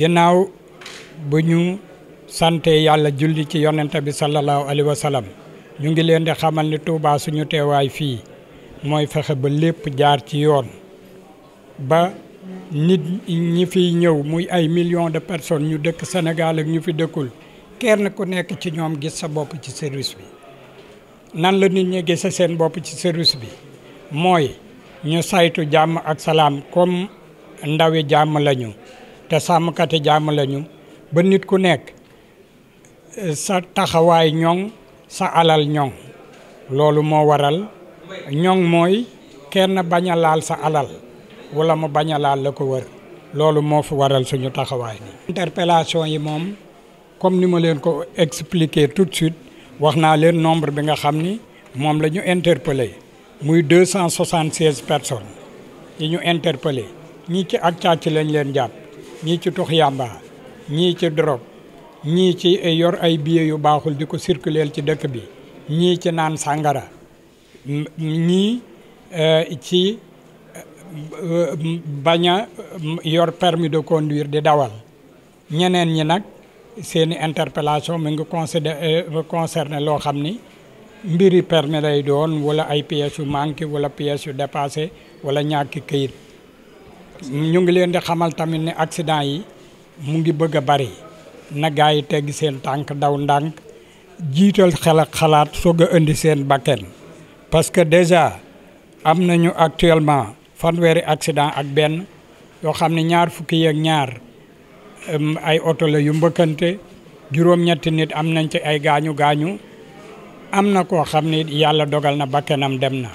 ginnaaw bu ñu sante yàlla julli ci yonent bi sallallahu alayhi wa ñu ngi leen di xamal ni Touba suñu teewaay fii mooy fexe ba lépp jaar ci yoon ba nit ñi fiy ñëw muy ay millions de personnes ñu dëkk Sénégal ak ñu fi dëkkul kenn ku nekk ci ñoom gis sa bopp ci service bi nan la nit ñi gise seen bopp ci service bi mooy ñu saytu jàmm ak salaam comme ndawi jàmm lañu te sàmmkati jàmm lañu ba nit ku nekk sa taxawaay ñoŋ sa alal ñoŋ loolu moo waral ñoŋ mooy kenn bañ a laal sa alal wala mu bañ a laal la ko wër loolu moo fi waral suñu taxawaay. interpellation yi moom comme ni ma leen ko expliquer tout de suite wax naa leen nombre bi nga xam ni moom la ñu interpellé muy deux cent soixante seize personnes yi ñu interpellé ñi ci ak càcc lañ leen jàpp. ñii ci tux ñii ci drogue ñii ci yor ay billet yu baaxul di ko circuler ci dëkk bi ñii ci naan sàngara ñii eh, ci eh, bañ a eh, yor permis de conduire di dawal ñeneen ñi nag seeni interpellation mi ngi concerné loo xam ni mbiri permis lay doon wala ay pièces yu manqué wala pièces yu dépassé wala ñàkki kayit ñu ngi leen di xamal tamit ne accident yi mu ngi bëgg a bari na gaa yi tegg seen tànk daw ndànk jiital xel xalaat soog a indi seen bakken parce que déjà am nañu actuellement fanweeri accident ak benn yoo xam ne ñaar fukki yeeg ñaar ay oto la yu mbëkkante juróom-ñetti nit am nañ ci ay gaañu gaañu am na koo xam ne yàlla dogal na bakkenam dem na